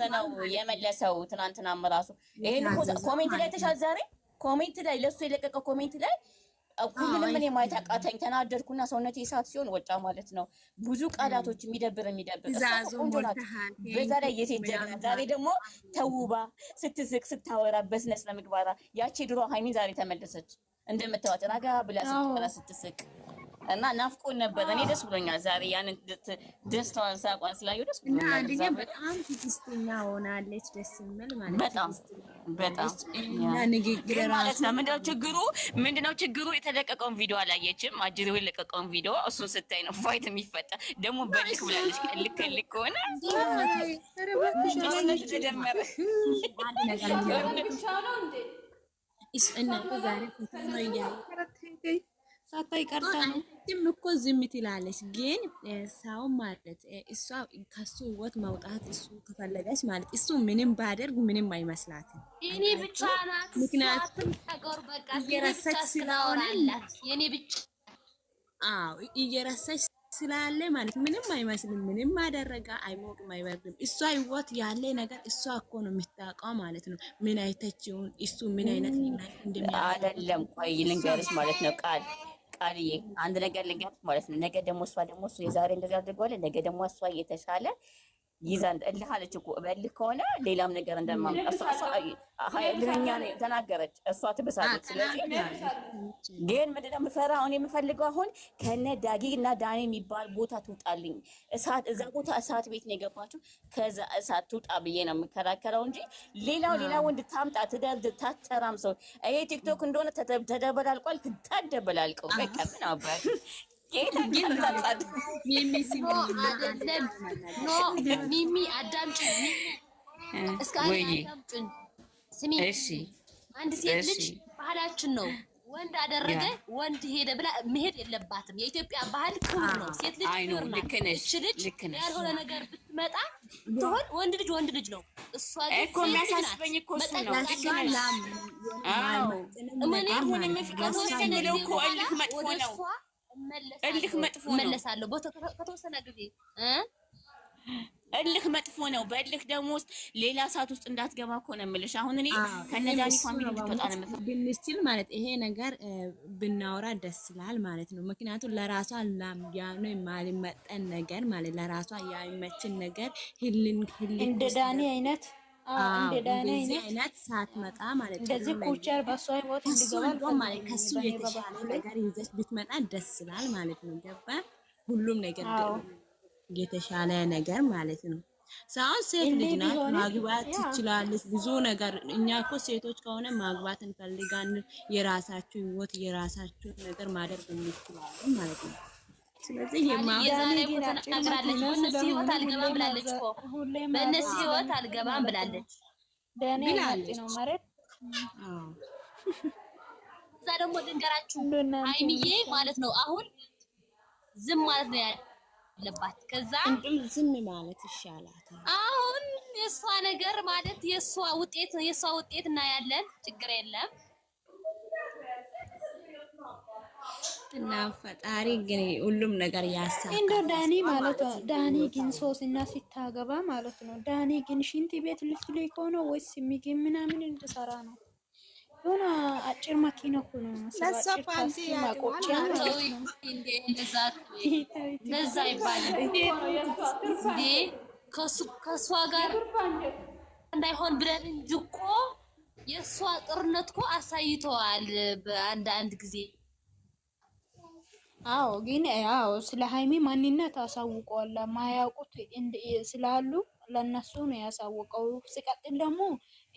ዘነው የመለሰው ትናንትናም ራሱ ይሄን ኮሜንት ላይ ተሻል ዛሬ ኮሜንት ላይ ለሱ የለቀቀው ኮሜንት ላይ ሁሉንም እኔ ማየት አቃተኝ። ተናደድኩና ሰውነቴ እሳት ሲሆን ወጣ ማለት ነው። ብዙ ቃላቶች የሚደብር የሚደብር በዛ ላይ የሴት ዛሬ ደግሞ ተውባ ስትስቅ ስታወራ በስነ ስነ ያቺ ድሮ ሀይሚን ዛሬ ተመለሰች። እንደምታወጥ ረጋ ብላ ስትስቅ እና ናፍቆን ነበር። እኔ ደስ ብሎኛል ዛሬ ያንን ደስታዋን ሳቋን ስላየሁ ደስ ብሎኛል። አንደኛ በጣም ትዕግስተኛ ሆናለች። ደስ የሚል ማለት በጣም በጣም ነው። ምንድነው ችግሩ? ምንድነው ችግሩ? የተለቀቀውን ቪዲዮ አላየችም። አጅሬው የለቀቀውን ቪዲዮ እሱን ስታይ ነው ፋይት የሚፈጠር። ደግሞ በልክ ብላለች። ልክ ልክ ሆነ ተደመረ ዛሬ ሳታይ ቀርታ ነው እትም እኮ ዝም ትላለች፣ ግን ሰው ማለት እሷ ከሱ ህይወት መውጣት እሱ ከፈለገች ማለት እሱ ምንም ባደርግ ምንም አይመስላትም። እኔ ብቻ ናት ምክንያቱም ተቆር በቃ እየረሳች ስለሆነ የኔ ብቻ አዎ እየረሳች ስላለ ማለት ምንም አይመስልም። ምንም አደረጋ አይሞቅም፣ አይበርድም። እሷ ህይወት ያለ ነገር እሷ እኮ ነው የምታውቀው ማለት ነው። ምን አይተችውን እሱ ምን አይነት እንደሚያ ቆይ ልንገርሽ ማለት ነው ቃል ቃልዬ አንድ ነገር ልንገርሽ ማለት ነው። ነገ ደግሞ እሷ ደግሞ እሱ የዛሬ እንደዚህ አድርገዋለ። ነገ ደግሞ እሷ እየተሻለ ይዘን እልህ አለች እኮ በእልህ ከሆነ ሌላም ነገር እንደማምጣት ተናገረች። እሷ ትብሳለች። ስለዚህ ግን ምንድነው የምፈራ አሁን የምፈልገው አሁን ከነ ዳጊ እና ዳኔ የሚባል ቦታ ትውጣልኝ። እሳት እዛ ቦታ እሳት ቤት ነው የገባችው። ከዛ እሳት ትውጣ ብዬ ነው የምከራከረው እንጂ ሌላው ሌላ ወንድ ታምጣ ትደርድ ታተራም ሰው ይሄ ቲክቶክ እንደሆነ ተደበላልቋል። ትታደበላልቀው በቃ ምን አባት ሚሚ አዳምጪኝ፣ እስከ አዳምጪኝ። አንድ ሴት ልጅ ባህላችን ነው ወንድ አደረገ ወንድ ሄደ ብላ መሄድ የለባትም። የኢትዮጵያ ባህል ክብር ነው። ሴት ልጅ ክብር ናት። እች ልጅ ያልሆነ ነገር ብትመጣ ትሆን ወንድ ልጅ ወንድ ልጅ ነው። እሷ እኮ የሚያሳስበኝ እኮ እሱ ነው እልህ መጥፎ ነው። እመለሳለሁ ከተወሰነ ጊዜ እልህ መጥፎ ነው። በእልህ ደግሞ ውስጥ ሌላ እሳት ውስጥ እንዳትገባ እኮ ነው የምልሽ። አሁን እኔ ከነዳኒ ፋሚሊ ልትወጣ ነው ብንችል ማለት ይሄ ነገር ብናወራ ደስ ይላል ማለት ነው። ምክንያቱም ለራሷ ላምያኖ የማልመጠን ነገር ማለት ለራሷ ያይመችን ነገር ህልን ህልን እንደ ዳኒ አይነት እንደዚህ አይነት ሳትመጣ ማለት ነው ማለት ከሱ የተሻለ ነገር ይዘሽ ብትመጣ ደስ ይላል ማለት ነው። ገባ ሁሉም ነገር የተሻለ ነገር ማለት ነው። ሳሁን ሴት ልጅ ናት፣ ማግባት ትችላለች። ብዙ ነገር እኛ እኮ ሴቶች ከሆነ ማግባት እንፈልጋለን። የራሳችሁ ህይወት የራሳችሁ ነገር ማድረግ እንችላለን ማለት ነው። ስለዚህ የዛሬ በእነሱ ህይወት አልገባም ብላለች እኮ ህይወት አልገባም ብላለች። እዛ ደግሞ ድንገራችሁ አይንዬ ማለት ነው። አሁን ዝም ማለት ነው ያለባት። ከዛ ዝም ማለት ይሻላል። አሁን የእሷ ነገር ማለት የእሷ ውጤት የእሷ ውጤት እናያለን። ችግር የለም እና ፈጣሪ ግን ሁሉም ነገር ያሳ እንደው ዳኒ ማለት ነው። ዳኒ ግን ሶስ እና ሲታገባ ማለት ነው። ዳኒ ግን ሽንት ቤት ልትሉ ከሆነ ወይስ ምግብ ምናምን እንድሰራ ነው ሆነ አጭር መኪና እኮ ነው ለዛ ይባላል ከእሷ ጋር እንዳይሆን ብለን እንጂ እኮ የእሷ ጥርነት እኮ አሳይተዋል በአንድ ጊዜ አዎ ግን ያው ስለ ሀይሚ ማንነት አሳውቀዋል። ማያውቁት ስላሉ ለነሱ ነው ያሳወቀው። ሲቀጥል ደግሞ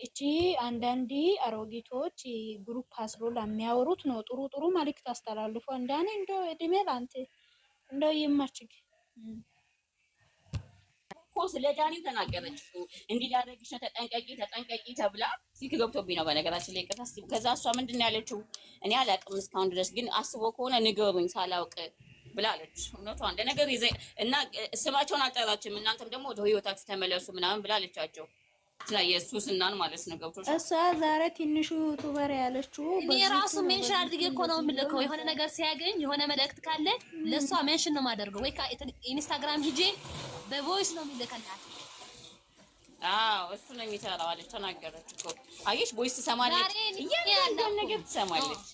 እቺ አንዳንድ አሮጊቶች ግሩፕ አስሮ ለሚያወሩት ነው ጥሩ ጥሩ መልእክት አስተላልፎ እንዳኔ እንደ እድሜ ላንተ እንደ ይመችግ እኮ ስለ ዳኒ ተናገረች። እንዲህ ዳረግሽ ተጠንቀቂ፣ ተጠንቀቂ ተብላ ስልክ ገብቶብኝ ነው በነገራችን ላይ ቅርታ። ከዛ እሷ ምንድን ነው ያለችው? እኔ አላውቅም እስካሁን ድረስ ግን አስቦ ከሆነ ንገሩኝ ሳላውቅ ብላለች። እውነቷ እንደ ነገር እና ስማቸውን አልጠራችም። እናንተም ደግሞ ወደ ህይወታችሁ ተመለሱ ምናምን ብላለቻቸው። የሱስ እናን ማለት ነው ገብቶ እሷ ዛሬ ትንሹ ቱበር ያለችው እኔ ራሱ ሜንሽን አድርጌ እኮ ነው የምልከው። የሆነ ነገር ሲያገኝ የሆነ መልእክት ካለ ለእሷ ሜንሽን ነው የማደርገው ወይ ኢንስታግራም ሂጄ በቮይስ ነው የሚልከላት። አዎ እሱ ነው የሚሰራው አለች፣ ተናገረች እኮ አየሽ፣ ቦይስ ትሰማለች፣ እያንዳንዱ ነገር ትሰማለች።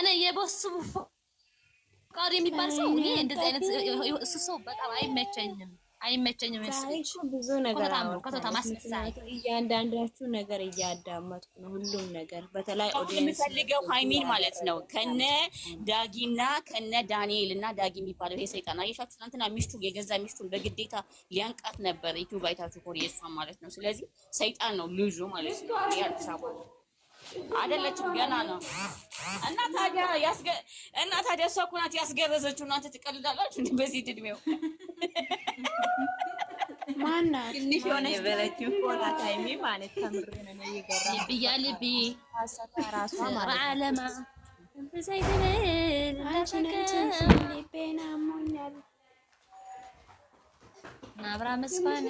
እኔ የቦሱ ቃሪ የሚባል ሰው እኔ እንደዚህ አይነት እሱ ሰው በጣም አይመቸኝም። አይመቸኝም። ብዙ ነገር እያንዳንዳችሁ ነገር እያዳመጥኩ ነው። ሁሉም ነገር በተለይ የምፈልገው ሀይሚን ማለት ነው ከነ ዳጊና ከነ ዳንኤል እና ዳጊ የሚባለው ይሄ ሰይጣን አየሻችሁ፣ ትናንትና ሚስቱ የገዛ ሚስቱን በግዴታ ሊያንቃት ነበር። ኢትዮ ባይታችሁ ኮሪ የሷ ማለት ነው። ስለዚህ ሰይጣን ነው ልጁ ማለት ነው የአዲስ አበባ አይደለችም፣ ገና ነው። እና ታዲያ ያስገ እና ታዲያ እሷ እኮ ናት ያስገረዘችው። እናንተ ትቀልዳላችሁ እንዴ? በዚህ እድሜው ማናት ትንሽ አብራ መስፋን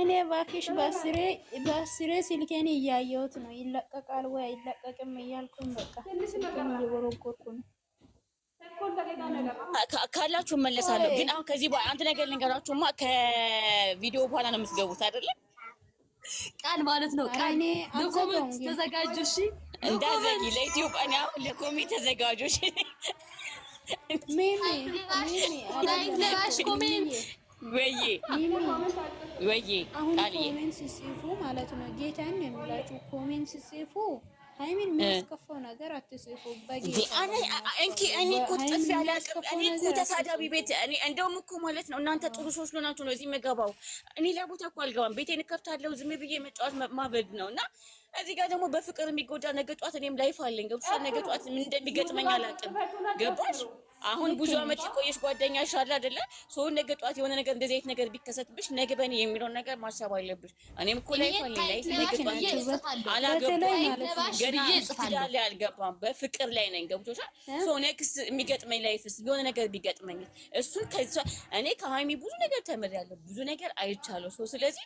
እኔ ባክሽ በአስሬ ስልኬን እያየሁት ነው። ይለቀቃል ወይ አይለቀቅም እያልኩኝ በቃ እየጎረጎርኩ ነው። ካላችሁ መለሳለሁ። ግን አሁን ከዚህ በኋላ አንድ ነገር ልንገራችሁማ፣ ከቪዲዮ በኋላ ነው የምትገቡት አይደለም? ቃል ማለት ነው። ቃል ለኮመንት ተዘጋጁ እሺ። እንዳዘጊ ለኢትዮጵያ ነው ለኮሜ ተዘጋጆች ወዬ ወዬ ኮሜንት ሲጽፉ ማለት ነው ጌታን ነው የሚላችሁ። ኮሜንት ሲጽፉ ሃይሚን የሚያስከፋው ነገር አትጽፉ። እኔ እኮ ጥፊ አላቅም። እኔ እኮ ተሳዳቢ ቤት እንደውም እኮ ማለት ነው እናንተ ጥሩ ሰዎች ሆናችሁ ነው እዚህ የምገባው። እኔ ለቦታ እኮ አልገባም። ቤቴን እከፍታለሁ። ዝም ብዬ መጫወት ማበድ ነው እና እዚህ ጋር ደግሞ በፍቅር የሚጎዳ ነገ ጧት እኔም ላይፍ አለኝ። ገብቶሻል? ነገ ጧት ምን እንደሚገጥመኝ አላውቅም። ገባሽ? አሁን ብዙ አመት የቆየሽ ጓደኛ ሻል አይደለ? ሰውን ነገ ጧት የሆነ ነገር እንደዚህ አይነት ነገር ቢከሰትብሽ ነገ በእኔ የሚለውን ነገር ማሰብ አለብሽ። እኔም እኮ ላይፍ አለኝ። ላይፍ ነገ ጧት አላገባም፣ ገና ትዳር ላይ አልገባም። በፍቅር ላይ ነኝ። ገብቶሻል? ሰው ኔክስት የሚገጥመኝ ላይፍስ የሆነ ነገር ቢገጥመኝ እሱን ከዛ እኔ ከሀይሚ ብዙ ነገር ተምሬያለሁ፣ ብዙ ነገር አይቻለሁ። ሰው ስለዚህ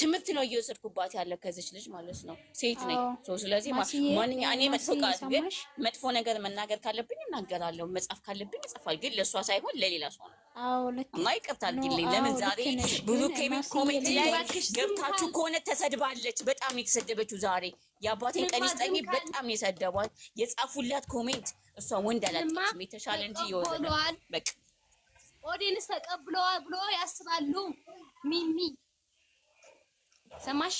ትምህርት ነው እየወሰድኩባት ያለ ከዚች ልጅ ማለት ነው። ሴት ነኝ። ስለዚህ ማንኛ እኔ መጥፎ ቃል ግን መጥፎ ነገር መናገር ካለብኝ እናገራለሁ፣ መጻፍ ካለብኝ ይጽፋል። ግን ለእሷ ሳይሆን ለሌላ ሰው ነው እና ይቅርታ አድርጊልኝ። ለምን ዛሬ ብዙ ኮሜንት ላይ ገብታችሁ ከሆነ ተሰድባለች። በጣም የተሰደበችው ዛሬ የአባቴን ቀኒስ ጠኝ በጣም የሰደቧት የጻፉላት ኮሜንት እሷ ወንድ አላጠቅም የተሻለ እንጂ የወዘነ በቃ ኦዲንስ ተቀብለዋል ብሎ ያስባሉ ሚሚ ሰማሽ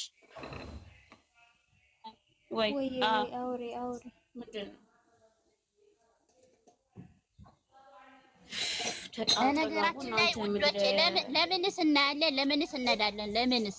ወይ? አውሪ አውሪ። ምንድን ነው በነገራችን ላይ ውዶቼ፣ ለምንስ እናያለን? ለምንስ እንሄዳለን? ለምንስ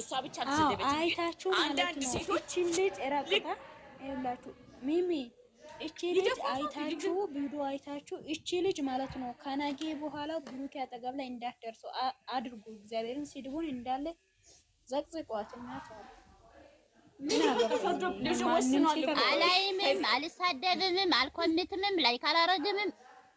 እሷ ብቻ ትሰደበች። አይታችሁ አንዳንድ ሴቶች ልጅ ራቁታ ሚሚ እቺ ልጅ አይታችሁ ቪዲዮ አይታችሁ እቺ ልጅ ማለት ነው ከነገ በኋላ ብሩክ አጠገብ ላይ እንዳትደርሱ አድርጉ። እግዚአብሔርን ሲድቡን እንዳለ ዘቅዝቋት እናት አላይምም፣ አልሳደብምም፣ አልኮንትምም፣ ላይክ አላረግምም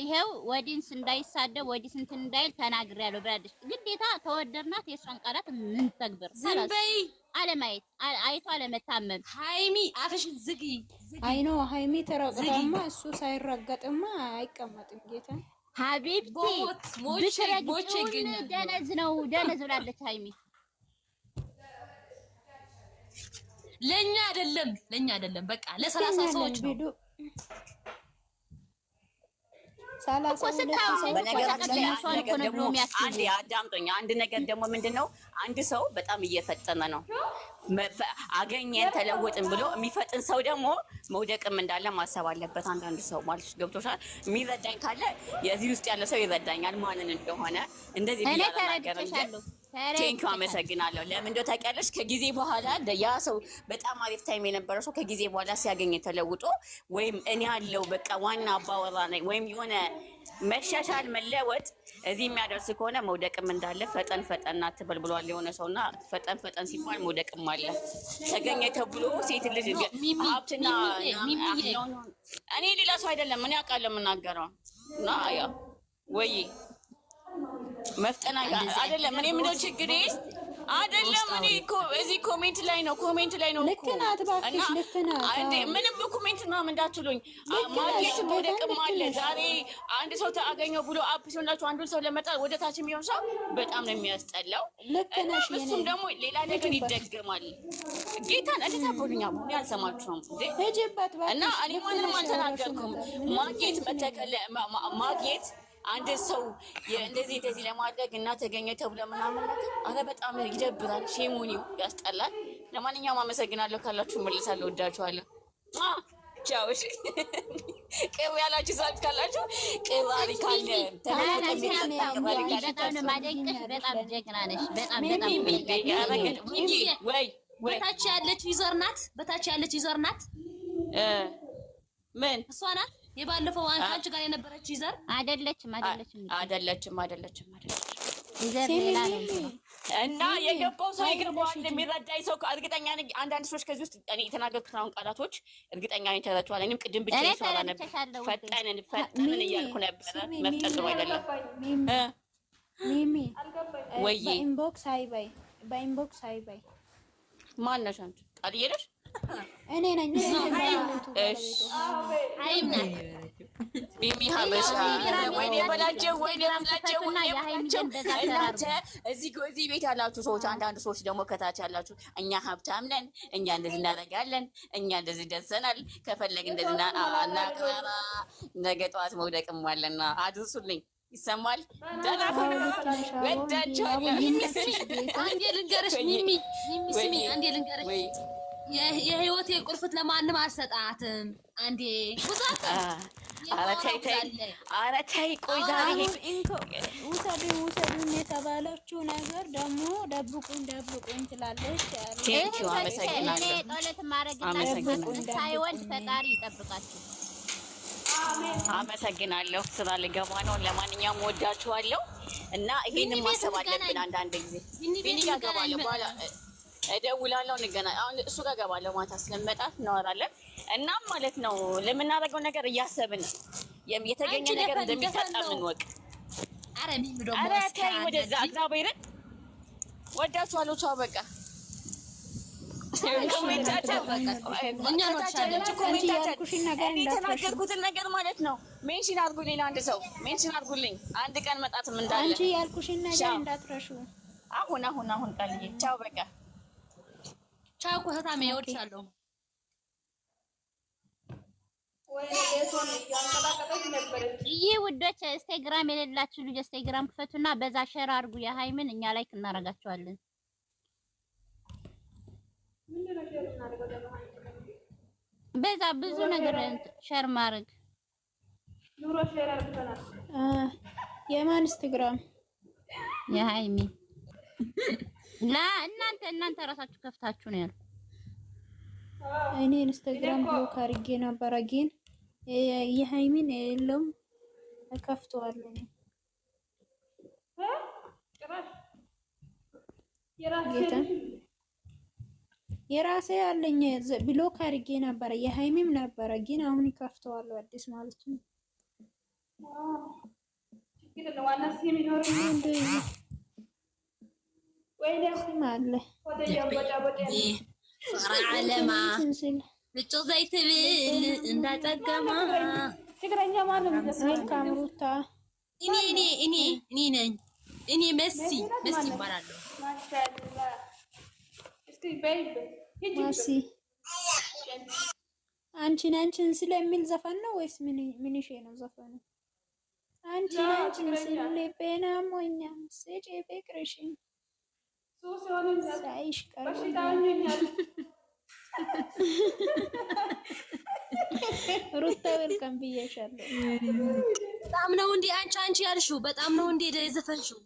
ይሄው ወዲን እንዳይሳደብ ወዲስ እንትን እንዳይል ተናግሬያለሁ ብላለች። ግዴታ ተወደድናት የእሷን ቃላት ምን ተግብር አለማየት አይቶ አለመታመም። ሃይሚ አፍሽ ዝጊ። አይ ነው ሃይሚ ተረግጣማ እሱ ሳይረገጥማ አይቀመጥም። ጌታ ሀቢብቲ ብትረግጭውን ደነዝ ነው ደነዝ ብላለች ሃይሚ። ለእኛ አይደለም ለእኛ አይደለም በቃ ለሰላሳ ሰዎች ነው አዳምጦኝ አንድ ነገር ደግሞ ምንድን ነው፣ አንድ ሰው በጣም እየፈጠነ ነው አገኘን ተለወጥን ብሎ የሚፈጥን ሰው ደግሞ መውደቅም እንዳለ ማሰብ አለበት። አንዳንድ ሰው ማለት ገብቶሻል። የሚረዳኝ ካለ የዚህ ውስጥ ያለ ሰው ይረዳኛል፣ ማንን እንደሆነ እንደዚህ ቴንኪው አመሰግናለሁ። ለምን እንደው ታውቂያለሽ፣ ከጊዜ በኋላ ያ ሰው በጣም አሪፍ ታይም የነበረ ሰው ከጊዜ በኋላ ሲያገኝ ተለውጦ ወይም እኔ ያለው በቃ ዋና አባወራ ነኝ ወይም የሆነ መሻሻል መለወጥ እዚህ የሚያደርስ ከሆነ መውደቅም እንዳለ ፈጠን ፈጠን አትበል ብሏል የሆነ ሰው ሰውና፣ ፈጠን ፈጠን ሲባል መውደቅም አለ። ተገኘ ተብሎ ሴት ልጅ ሀብትና እኔ ሌላ ሰው አይደለም እኔ አውቃለሁ የምናገረው እና ያ ወይ መፍጠና አይደለም። እኔ ምነው ችግሬ አይደለም። እኔ እዚህ ኮሜንት ላይ ነው ኮሜንት ላይ ነው እኮ ምንም በኮሜንት ምናምን እንዳትሉኝ። ማርኬት መውደቅም አለ። ዛሬ አንድ ሰው ተገኘው ብሎ አፕ ሲሆንላችሁ አንዱን ሰው ለመጣል ወደ ታች የሚሆን ሰው በጣም ነው የሚያስጠላው። እሱም ደግሞ ሌላ ነገር ይደገማል። ጌታን እንዴት አቦልኛ ሁ አልሰማችሁም እና እኔ ማንንም አልተናገርኩም። ማርኬት መተከለ ማርኬት አንድ ሰው እንደዚህ እንደዚህ ለማድረግ እና ተገኘ ተብሎ ምናምን አረ በጣም ይደብራል። ሼሙኒ ያስጠላል። ለማንኛውም አመሰግናለሁ። ካላችሁ መልሳለሁ። ወዳችኋለሁ። ቻው። እሺ ያላችሁ ሰዎች ካላችሁ ቅብ ካለ በታች ያለች ዩዘር ናት። በታች ያለች ዩዘር ናት። ምን እሷ ናት የባለፈው አንቺ ጋር የነበረች ይዘር አይደለችም፣ አይደለችም፣ አይደለችም፣ አይደለችም፣ አይደለችም። እና የገባው ሰው ይገባዋል። የሚረዳኝ ሰው እርግጠኛ ነኝ። አንዳንድ ሰዎች ከዚህ ውስጥ እኔ የተናገርኩት አሁን ቃላቶች እርግጠኛ ነኝ ተረድተዋል። እኔም ቅድም ብቻ ይሰራ ነበር። ፈጠንን ፈጠንን እያልኩ ነበረ። መፍጠን ጥሩ አይደለም። ሚሚ ወይ በኢንቦክስ አይባይ፣ በኢንቦክስ አይባይ። ማነሽ አንቺ ቃልዬ ነሽ እኔ ነኝ ሚሚ ሀበሻ። እዚህ ቤት ያላችሁ ሰዎች፣ አንዳንድ ሰዎች ደግሞ ከታች ያላችሁ እኛ ሀብታም ነን፣ እኛ እንደዚህ እናደርጋለን፣ እኛ እንደዚህ ደርሰናል፣ ከፈለግ እንደዚህ እናቅራራ፣ ነገ ጠዋት መውደቅም አለና አድርሱልኝ። ይሰማል። ወዳቸዋለሁ። አንዴ ልንገርሽ ሚሚ፣ አንዴ ልንገርሽ የህይወት የቁርፍት ለማንም አልሰጣትም። አንዴ ኧረ ተይ ተይ፣ ውሰዱኝ የተባለችው ነገር ደግሞ ደብቁኝ ደብቁኝ ትላለች። ጸሎት ማድረግ ሳይወድ ፈጣሪ ይጠብቃችሁ። አመሰግናለሁ። ስራ ልገባ ነው። ለማንኛውም ወዳችኋለሁ እና ይሄንን ማሰብ አለብን አንዳንድ ጊዜ ቢኒ ጋር እገባለሁ በኋላ እደውላለሁ፣ እንገናኝ። አሁን እሱ ጋር እገባለሁ፣ ማታ ስለመጣት እናወራለን። እናም ማለት ነው ለምናደርገው ነገር እያሰብን የተገኘ ነገር እንደሚታጣ ምንወቅ። ኧረ ተይ ወደዛ፣ እግዚአብሔርን ወዳችኋለሁ። ቻው በቃ የተናገርኩትን ነገር ማለት ነው። ሜንሽን አድርጉልኝ፣ ለአንድ ሰው ሜንሽን አድርጉልኝ። አንድ ቀን መጣትም እንዳለ አንቺ ያልኩሽን ነገር እንዳትረሹ። አሁን አሁን አሁን ቃልዬ ቻው በቃ ቻው እህታሜ፣ እወድሻለሁ። ይህ ውዶች ኢንስታግራም የሌላችሁ ልጅ ኢንስታግራም ክፈቱና በዛ ሸር አድርጉ። የሀይምን እኛ ላይክ እናደርጋቸዋለን። በዛ ብዙ ነገር ሸር ማድረግ የማን ኢንስታግራም የሀይሚ ለእናንተ እናንተ ራሳችሁ ከፍታችሁ ነው ያለው። እኔ ኢንስታግራም ብሎክ አድርጌ ነበር። አጌን የሃይሚን የለውም ከፍተዋለሁ። ጌታ የራሴ ያለኝ ብሎክ አድርጌ ነበረ፣ የሃይሚም ነበረ፣ ግን አሁን ከፍተዋለሁ አዲስ ማለት ነው። ፍቅረ ዓለማ ትግረኛ እኔ እኔ እኔ እኔ ነኝ እኔ መሲ መሲ ይባላለሁ። አንቺን አንቺን ስለሚል ዘፈን ነው ወይስ ምንሽ ነው ዘፈኑ? አንቺን አንቺን ስልቤና ሞኛ ስጪ ፍቅርሽን ሳይሽ ቀርቦ ሩታ ወልካም ብያሻለሁ። በጣም ነው እንዴ አንቺ አንቺ ያልሽው በጣም ነው እንዴ የዘፈንሽው?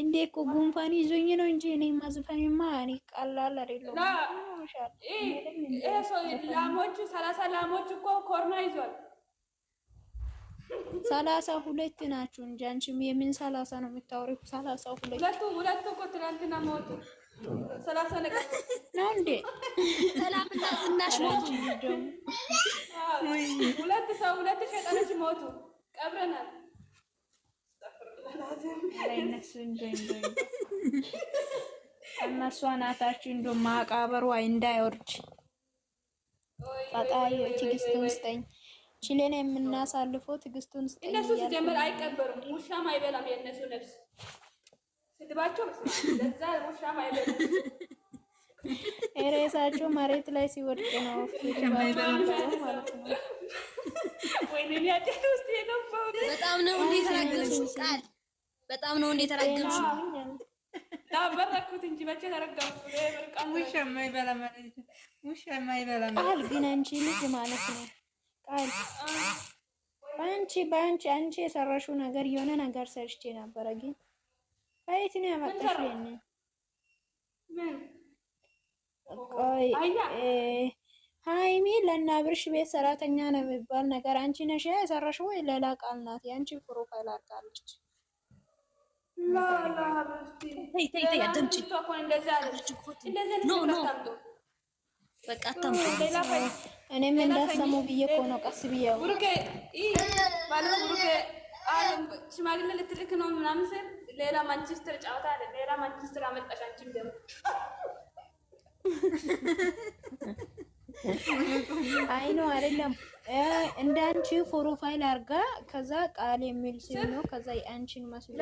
እንዴ እኮ ጉንፋን ይዞኝ ነው እንጂ እኔ ማዝፈንማ እኔ ቀላል አይደለም። ላሞቹ ሰላሳ ላሞች እኮ ኮርና ይዟል። ሰላሳ ሁለት ናችሁ እንጂ አንቺም የምን ሰላሳ ነው የምታወሪው? ሰላሳ ሁለት ሁለቱ ሁለቱ እኮ ትናንትና ሞቱ። ሰላሳ ነው እንዴ? ሰላምና ዝናሽ ሞቱ። ሁለት ሰው ሁለት ሸጠነች ሞቱ። ቀብረናል። እነሱ አናታችሁ እንዶ ማቃበሩ እንዳይወርድ ፈጣሪ ትዕግስት ችሌን የምናሳልፈው ትግስቱን ስጠኝ። እነሱ ሲጀምር አይቀበሩም። ውሻም አይበላም የእነሱ ነፍስ ስድባቸው ለዛ ውሻም አይበላም። ሬሳቸው መሬት ላይ ሲወድቅ ነው በጣም ነው እንዴ የተራገምሽው ቃል በጣም ነው እንዴ የተራገምሽው። ዳበረኩት እንጂ መቼ ተረገምኩ። ውሻ የማይበላ ማለት ውሻ የማይበላ ቃል ግን አንቺ ልጅ ማለት ነው ቃል በአንቺ በአንቺ አንቺ የሰራሽው ነገር የሆነ ነገር ሰርቼ ነበረ፣ ግን ከየት ነው ያመጣሽው? ቆይ ሀይሚ ለናብርሽ ቤት ሰራተኛ ነው የሚባል ነገር አንቺ ነሽ የሰራሽው ወይ ሌላ ቃል ናት? የአንቺ ፕሮፋይል አድርጋለች። በቃ እኔም እንዳሰሙ ብዬ እኮ ነው ቀስ ብዬ ሽማግሌ ልትልክ ነው ምናምን ስል ሌላ ማንቸስተር ጨዋታ አለ። ሌላ ማንቸስተር አመጣሽ አንቺም ደግሞ አይ ነው አይደለም እንዳንቺ ፕሮፋይል አርጋ ከዛ ቃል የሚል ሲል ነው ከዛ የአንቺን መስሎ